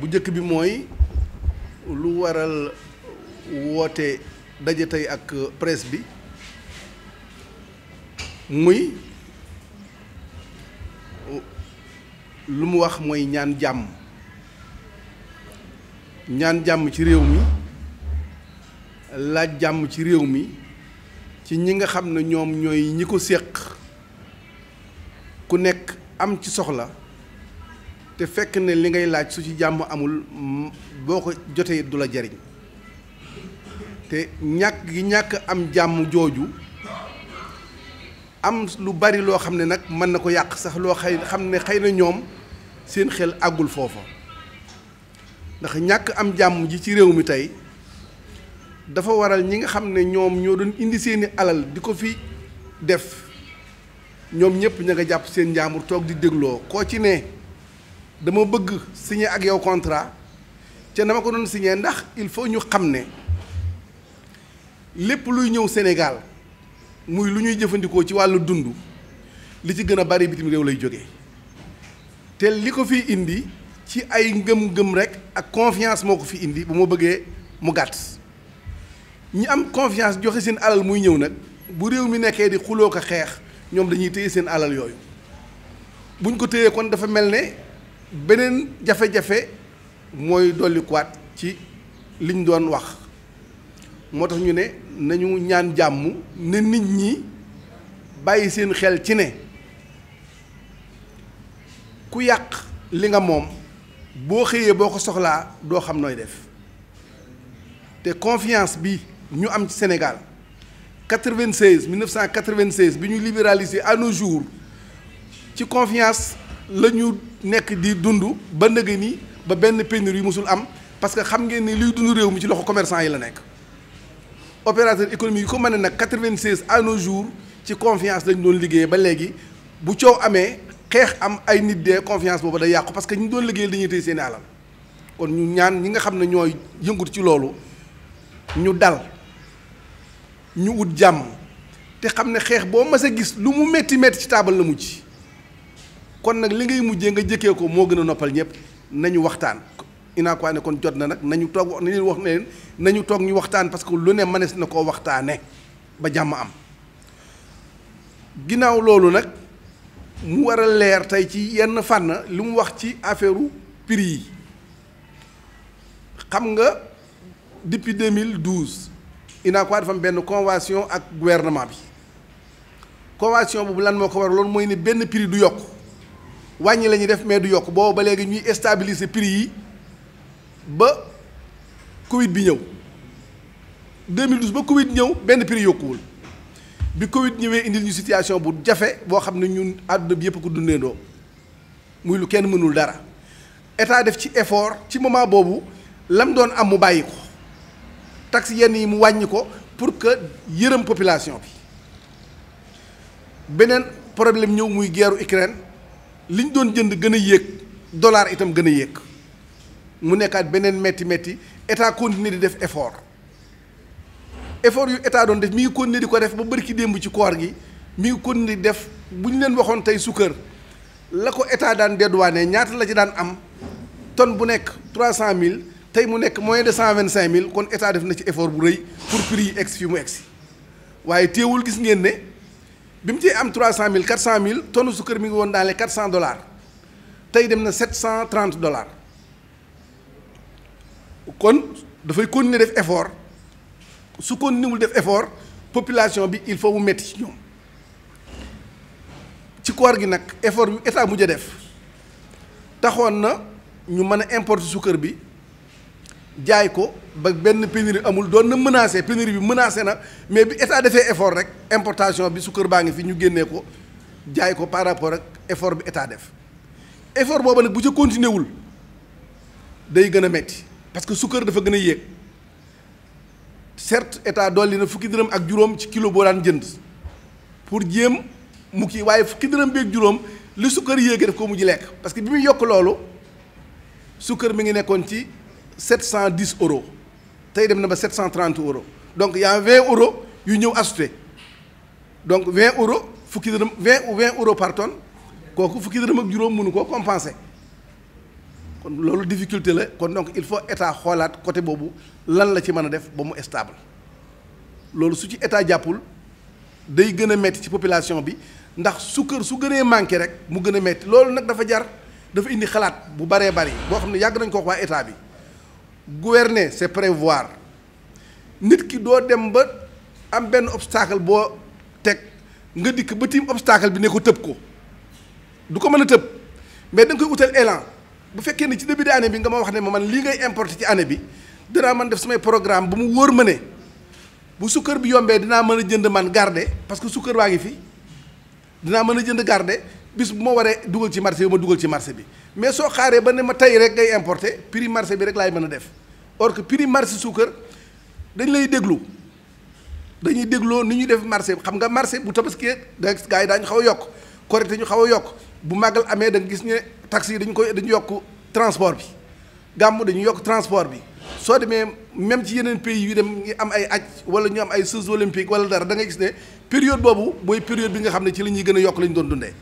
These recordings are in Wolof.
bu njëkk bi mooy lu waral woote daje tey ak presse bi muy lu mu wax mooy ñaan jàmm ñaan jàmm ci réew mi laaj jàmm ci réew mi ci ñi nga xam ne ñoom ñooy ñi ko séq ku nekk am ci soxla te fekk ne li ngay laaj su ci jàmm amul mm, boo ko jotee du la jariñ te ñàkk gi ñàkk am jàmm jooju am lu bari loo xam ne nag mën na ko yàq sax loo xay xam ne xëy na ñoom seen xel àggul foofa ndax ñàkk am jàmm ji ci réew mi tey dafa waral ñi nga xam ne ñoom ñoo doon indi seeni alal di ko fi def ñoom ñëpp ña nga jàpp seen njaamur toog di dégloo koo ci ne dama bëgg signe ak yow contrat ca dama ko doon signer ndax il faut ñu xam ne lépp luy ñëw Sénégal muy lu ñuy jëfandikoo ci wàllu dund li ci gën a bari bitim réew lay jóge te li ko fi indi ci ay ngëm-ngëm rek ak confiance moo ko fi indi bu ma bëggee mu gàtt ñi am confiance joxe seen alal muy ñëw nag bu réew mi nekkee di xuloo ko xeex. ñoom dañuy téye seen alal yooyu buñ ko téyee kon dafa mel ne beneen jafe-jafe mooy dollikuwaat ci liñ doon wax moo tax ñu ne nañu ñaan jàmm ne nit ñi bàyyi seen xel ci ne ku yàq li nga moom boo xëyee boo ko soxlaa doo xam nooy def te confiance bi ñu am ci Sénégal 96 1996 bi ñu libéraliser à nos jours ci confiance la ñu nekk di dund ba nëgë ni ba benn pénurie yu musul am parce que xam ngeen ni luy dund réew mi ci loxo commerçant yi la nekk opérateur économique yi ko mën a nag 96 à nos ci confiance lañ doon liggéeyee ba léegi bu coow amee xeex am ay nit dee confiance boobu day yàqu parce que ñu doon liggéeyal dañuy téye seen i alal kon ñu ñaan ñi nga xam ne ñooy yëngut ci loolu ñu dal. ñu wut jàmm te xam ne xeex boo mas a gis lu mu métti métti ci taabal la mujj kon nag li ngay mujjee nga jëkkee ko moo gën a noppal ñëpp nañu waxtaan. inaa ko ne kon jot na nag nañu toog nañu wax ne nañu toog ñu waxtaan parce que lu ne mënees na koo waxtaane ba jàmm am ginnaaw loolu nag mu war a leer tey ci yenn fànn lu mu wax ci affaire prix yi xam nga depuis 2012. UNACOIS dafa benn convention ak gouvernement bi convention boobu lan moo ko war loolu mooy ne benn prix du yokk wàññi la ñuy def mais du yokk boobu ba léegi ñuy stabiliser prix yi ba Covid bi ñëw 2012 ba Covid ñëw benn prix yokkuwul bi Covid ñëwee indil ñu situation bu jafe boo xam ne ñun àdduna bi yëpp ko dundeendoo muy lu kenn mënul dara état def ci effort ci moment boobu lam doon am mu bàyyi ko. taxe yenn yi mu wàññi ko pour que yërëm population bi beneen problème ñëw muy guerru Ukraine li ñu doon jënd gën a yéeg dollar itam gën a yéeg mu nekkaat beneen metti metti état continuer di def effort effort yu état doon def mi ngi continuer di ko def ba bëri bërki démb ci koor gi mi ngi continuer di def bu ñu leen waxoon tey sukkër la ko état daan dédouané ñaata la ci daan am tonne bu nekk trois cent mille tey mu nekk moyen de cent vingt cinq mille kon état def na ci effort bu rëy pour prix yi egsi fi mu egsi waaye téewul gis ngeen ne bi mu cee am trois cent mille quatre cent mille ton sukkër mi ngi woon dans les quatre cent dollars tey dem na sept cent trente dollars kon dafay kon continuer def effort su continuer wul def effort population bi il faut mu metti ci ñoom ci koor gi nag effort bi état mujj a def taxoon na ñu mën a importer sukkër bi. jaay ko ba benn pénurie amul doon na menacé pénurie bi menacé na mais bi état defee effort rek importation bi su kër baa ngi fi ñu génnee ko jaay ko par rapport ak effort bi état def effort boobu nag bu ca continuer wul day gën a metti parce que kër dafa gën a yéeg certes état dolli na fukki dërëm ak juróom ci kilo boo daan jënd pour jéem mu kii waaye fukki dërëm beeg juróom li su kër yéegee daf ko mujj lekk parce que bi muy yokk loolu sukkër mi ngi nekkoon ci. dix euro tey dem na ba cent 730 euros donc y' a 20 yu ñëw ajouté donc 20 euro fukki dërëm 20 ou 20 euros par tonne kooku fukki dërëm ak juróom mënu koo compenser kon loolu difficulté la kon donc il faut état xoolaat côté boobu lan la ci mën a def ba mu stable loolu su ci état jàppul day gën a metti ci population bi ndax su kër su gënee manqué rek mu gën a metti loolu nag dafa jar dafa indi xalaat bu baree bari boo xam ne yàgg nañ ko wax état bi. gouverner c'est prévoir nit ki doo dem ba am benn obstacle boo teg nga dikk ba tiim obstacle bi ne ko tëb ko du ko mën a tëb mais da nga koy utal élan bu fekkee ne ci début d'année bi nga ma wax ne ma man lii ngay importer ci année bi dinaa man def samay programme ba mu wóor ma ne bu sukkër bi yombee dinaa mën a jënd man garde parce que sukkër waa ngi fi dinaa mën a jënd garde bis bu ma waree dugal ci marché bi ma dugal ci marché bi mais soo xaaree ba ne ma tey rek ngay importer prix marché bi rek laay mën a def or que prix marché suukar dañ lay déglu dañuy dégloo ni ñuy def marché xam nga marché bu tabaskee da gaa yi daañu xaw a yokk korite ñu xaw a yokk bu màggal amee da nga gis ne taxi yi dañu koy dañu yokk transport bi gàmm dañu yokk transport bi soo demee même ci yeneen pays yu dem ngi am ay aj wala ñu am ay jeux olympiques wala dara da ngay gis ne période boobu mooy période bi nga xam ne ci la ñuy gën a yokk la ñu doon dundee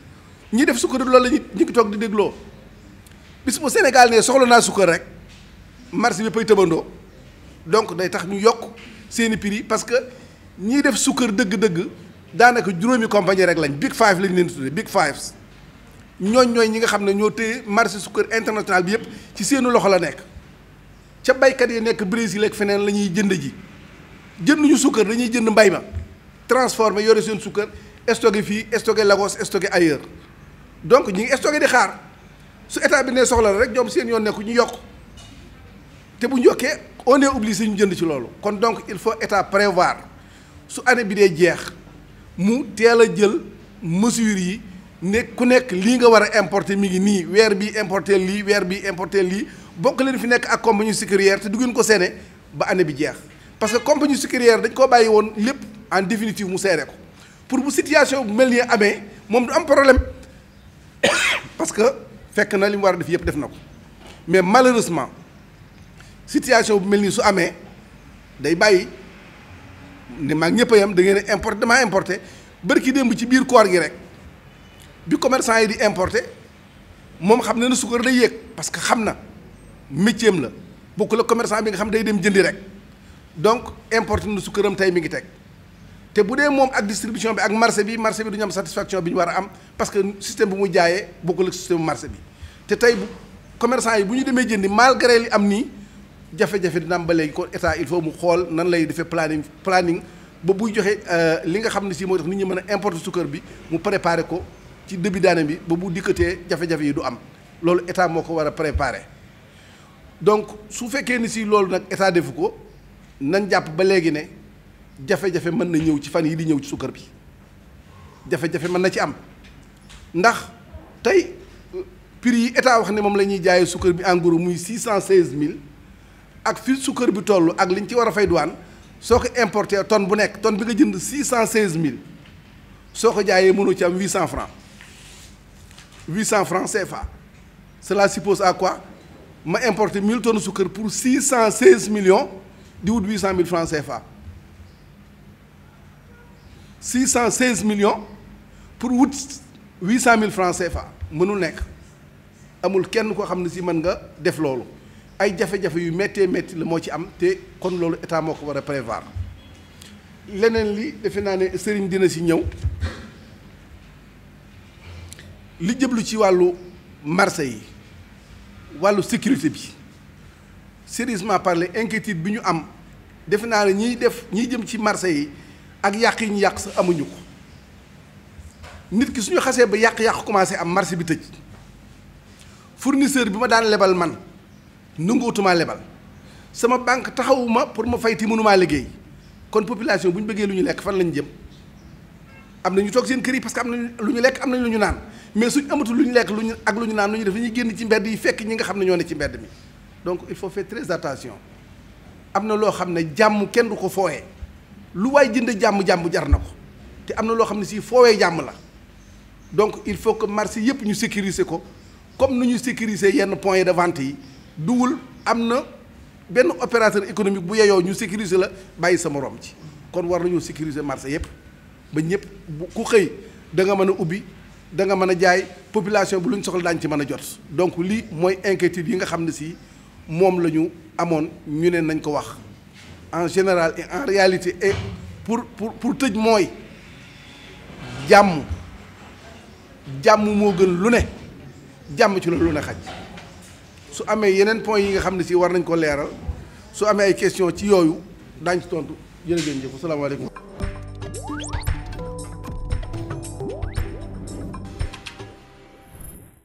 ñi def sukkar loolu la ñu ñu ngi toog di dégloo bis bu Sénégal soxla naa sukkar rek marché bi pay tëbandoo donc day tax ñu yokk seeni prix parce que ñiy def sukkar dëgg-dëgg daanaka juróomi compagnie rek lañ big five lañ leen tuddee big fives ñooñ ñooy ñi nga xam ne ñoo téye marché sukkar international bi yëpp ci seenu loxo la nekk ca baykat yi nekk Brésil ak feneen la ñuy jënd ji jënduñu sukkar dañuy jënd mbay ma transformé yore seen sukkar stocké fii stocké Lagos stocké ailleurs donc ñi ngi stocké di xaar su état bi ne soxla la rek joom seen yoon nekku ñu yokk te bu ñu yokkee on est obligé ñu jënd ci loolu kon donc il faut état prévoir su année bi dee jeex mu teel a jël mesures yi ne ku nekk lii nga war a importe mi ngi nii weer bi importer lii weer bi importer lii bokk leen fi nekk ak compagnie sucrière te du ko seene ba année bi jeex parce que compagnie sucrière dañ koo bàyyi woon lépp en définitive mu seere ko pour bu situation bu mel ni amee moom du am problème parce que fekk na li mu war a def yëpp def na ko mais malheureusement situation bu mel nii su amee day bàyyi ne maag ñëpp a yem da ngeen importé dama ki bërki démb ci biir koor gi rek bi commerçant yi di importé moom xam na ne sukkar day yéeg parce que xam na métier la bokku la commerçant bi nga xam day dem jëndi rek donc importé na sukkaram tey mi ngi teg te bu dee moom ak distribution bi ak marché bi marché bi du ñu am satisfaction bi ñu war a am parce que système bu mu jaayee bokkul la système marché bi te tey bu commercant yi bu ñu demee jëndi malgré li am nii jafe-jafe dina ba léegi kon état il faut mu xool nan lay defee planning planning ba buy joxe euh, li nga xam ne si moo tax nit ñi mën a importer sukkar bi mu préparer ko ci début d'année bi ba bu dikkatee jafe-jafe yi du am loolu état moo ko war a préparer donc su fekkee ni si loolu nag état defu ko nañ jàpp ba léegi ne. jafe-jafe mën na ñëw ci fan yi di ñëw ci sukkar bi jafe-jafe mën na ci am ndax tey prix yi état wax ne moom la ñuy jaayee sukkar bi en gros muy six cent seize mille ak fi sukkar bi toll ak liñ ci war a fay douane soo ko importé tonne bu nekk tonne bi nga jënd six cent seize mille soo ko jaayee mënoo ci am huit cent francs huit cent francs CFA cela suppose à quoi ma importé mille tonnes sukkar pour six cent seize million di wut huit cent mille francs CFA. six cent seize millions pour wut huit cent mille francs CFA mënul nekk amul kenn koo xam ne si mën nga def loolu ay jafe-jafe yu méttee métti la moo ci am te kon loolu état moo ko war a prévoir leneen li defe naa ne sëriñ dina si ñëw li jëblu ci wàllu marché yi wàllu sécurité bi sérieusement parlé inquiétude bi ñu am defe naa ne ñiy def ñiy jëm ci marché yi ak yàq yi ñu yàq sa amuñu ko nit ki suñu xasee ba yàq-yàq commencé am marché bi tëj fournisseur bi ma daan lebal man nanguutumaa lebal sama banque taxawuma pour ma fayti mënumaa liggéey kon population bu ñu bëggee lu ñu lekk fan lañu jëm am na ñu toog seen kër yi parce que lu ñu lekk am nañu lu ñu naan mais suñ amatul lu ñu lekk lu ñu ak lu ñu naan lu ñu def dañuy génn ci mbedd yi fekk nga xam ne ñoo ne ci mbedd mi il faut faire am na loo xam ne jàmm kenn du ko fooyee lu waay jënd jàmm jàmm jar na ko te am na loo xam ne si foowee jàmm la donc il faut que marché yëpp ñu sécuriser ko comme nu ñu sécuriser yenn point de vente yi duwul am na benn opérateur économique bu yeyoo ñu sécuriser la bàyyi sa moroom ci kon war nañoo sécuriser marché yëpp ba ñëpp ku xëy da nga mën a ubbi da nga mën a jaay population bi lu ñu soxla daañu ci mën a jot donc lii mooy inquiétude yi nga xam ne si moom la ñu amoon ñu ne nañ ko wax en général et en réalité et pour pour pour tëj mooy jàmm jàmm moo gën lu ne jàmm ci la lu ne xaj su amee yeneen point yi nga xam ne si war nañ ko leeral su amee ay question ci yooyu daañ ci tontu jërëjëf jëf asalaamaaleykum